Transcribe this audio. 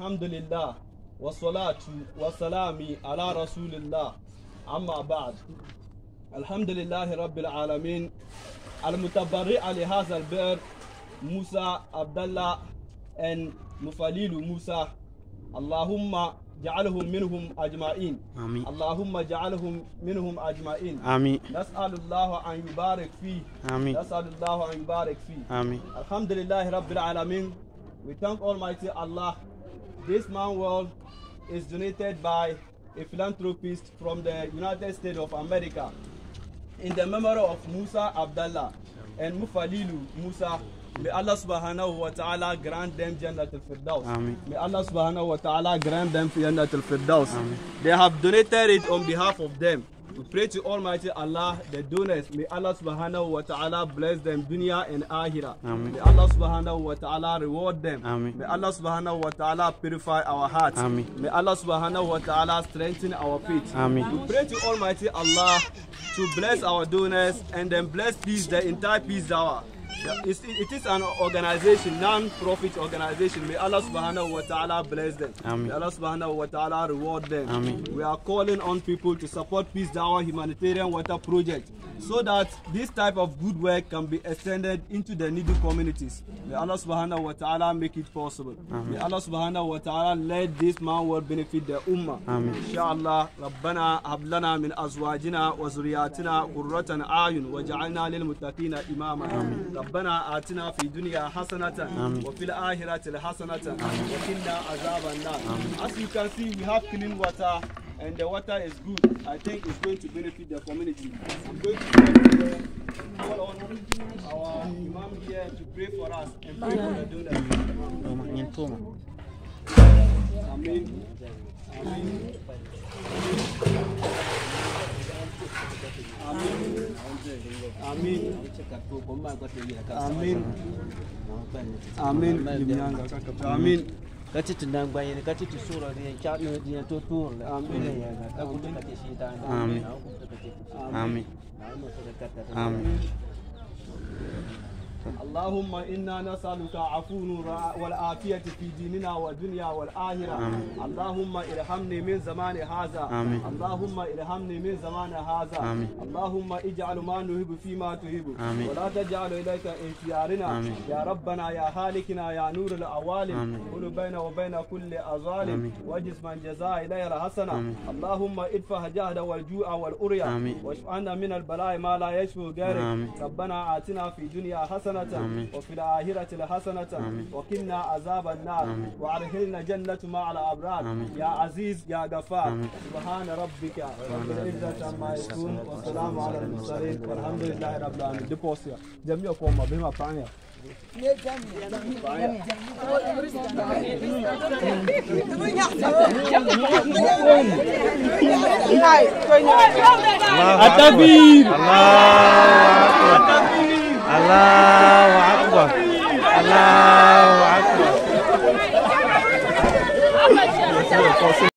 الحمد لله والصلاة والسلام على رسول الله أما بعد الحمد لله رب العالمين المتبرع لهذا البئر موسى عبد الله أن مفليل موسى اللهم جعلهم منهم أجمعين آمين اللهم جعلهم منهم أجمعين آمين نسأل الله أن يبارك فيه آمين نسأل الله أن يبارك فيه آمين الحمد لله رب العالمين We thank Almighty Allah This manual is donated by a philanthropist from the United States of America in the memory of Musa Abdallah and Mufalilu Musa. May Allah subhanahu wa ta'ala grant them Jannat al-Firdaus. May Allah subhanahu wa ta'ala grant them Jannat al-Firdaus. They have donated it on behalf of them. We pray to Almighty Allah, the donors. May Allah subhanahu wa ta'ala bless them dunya and ahira. Amen. May Allah subhanahu wa ta'ala reward them. Amen. May Allah subhanahu wa ta'ala purify our hearts. Amen. May Allah subhanahu wa ta'ala strengthen our faith. Amen. We pray to Almighty Allah to bless our donors and then bless peace, the entire peace hour. It's, it is an organization, non-profit organization. May Allah subhanahu wa ta'ala bless them. May Allah subhanahu wa ta'ala reward them. We are calling on people to support Peace Dawah Humanitarian Water Project so that this type of good work can be extended into the needy communities. May Allah subhanahu wa ta'ala make it possible. Amen. May Allah subhanahu wa ta'ala let this man will benefit the ummah. Amen. Inshallah, Rabbana hablana min azwajina wa zuriyatina qurratan ayun waj'alna lil muttaqina imama. Amen. Rabbana atina fi dunya hasanatan wa fil akhirati hasanatan wa qina azaban nar. As you can see, we have clean water and the water is good, I think it's going to benefit the community. I'm going to call on our imam here to pray for us and pray for the donors. Amen. Amen. Amen. Amen. Amen. Amen. Amen. Amen. kati tunangwa yene kati tusura ya chano ya tutur. amina ya akutu kati shitani amin amin amin amin اللهم إنا نسألك عفو والعافية في ديننا والدنيا والآخرة اللهم ارحمني من زمان هذا اللهم ارحمني من زمان هذا اللهم اجعل ما نهب فيما تهب ولا تجعل إليك انشيارنا يا ربنا يا هالكنا يا نور الأوالم كل بين وبين كل أظالم واجز من جزاء إليه الحسنة اللهم ادفع جهد والجوع والأريا واشفعنا من البلاء ما لا يشفو غيره ربنا آتنا في دنيا حسنة حسنة وفي الآخرة حسنة وقنا عذاب النار وأدخلنا جنة مع الأبرار يا عزيز يا غفار سبحان ربك رب العزة عما يصفون والسلام على المرسلين والحمد لله رب العالمين ديبوسيا جميع قوم بما فعلنا التكبير الله أكبر الله أكبر الله أكبر